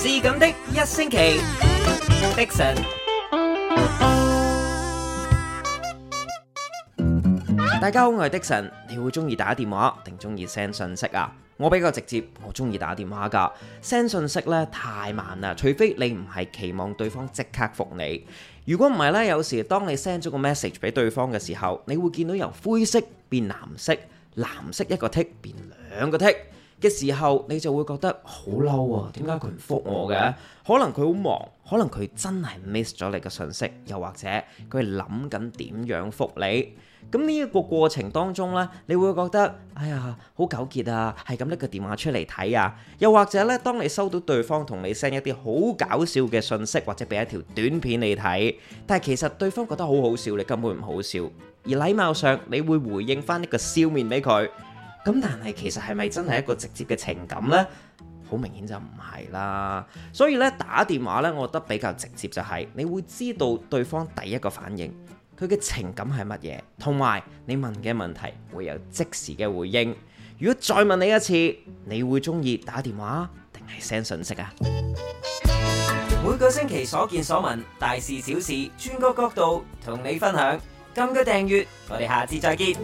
是咁的一星期的神，大家好，我係 o n 你會中意打電話定中意 send 信息啊？我比較直接，我中意打電話噶。send 信息咧太慢啦，除非你唔係期望對方即刻覆你。如果唔係咧，有時當你 send 咗個 message 俾對方嘅時候，你會見到由灰色變藍色，藍色一個 tick 變兩個 tick。嘅時候，你就會覺得好嬲啊！點解佢唔覆我嘅？可能佢好忙，可能佢真係 miss 咗你嘅信息，又或者佢諗緊點樣覆你。咁呢一個過程當中呢，你會覺得哎呀，好糾結啊！係咁拎個電話出嚟睇啊，又或者呢，當你收到對方同你 send 一啲好搞笑嘅信息，或者俾一條短片你睇，但係其實對方覺得好好笑，你根本唔好笑，而禮貌上你會回應翻呢個笑面俾佢。咁但係其實係咪真係一個直接嘅情感呢？好明顯就唔係啦。所以咧打電話咧，我覺得比較直接就係、是、你會知道對方第一個反應，佢嘅情感係乜嘢，同埋你問嘅問題會有即時嘅回應。如果再問你一次，你會鍾意打電話定係 send 信息呀？每個星期所見所聞，大事小事，轉個角度同你分享。撳個訂閱，我哋下次再見。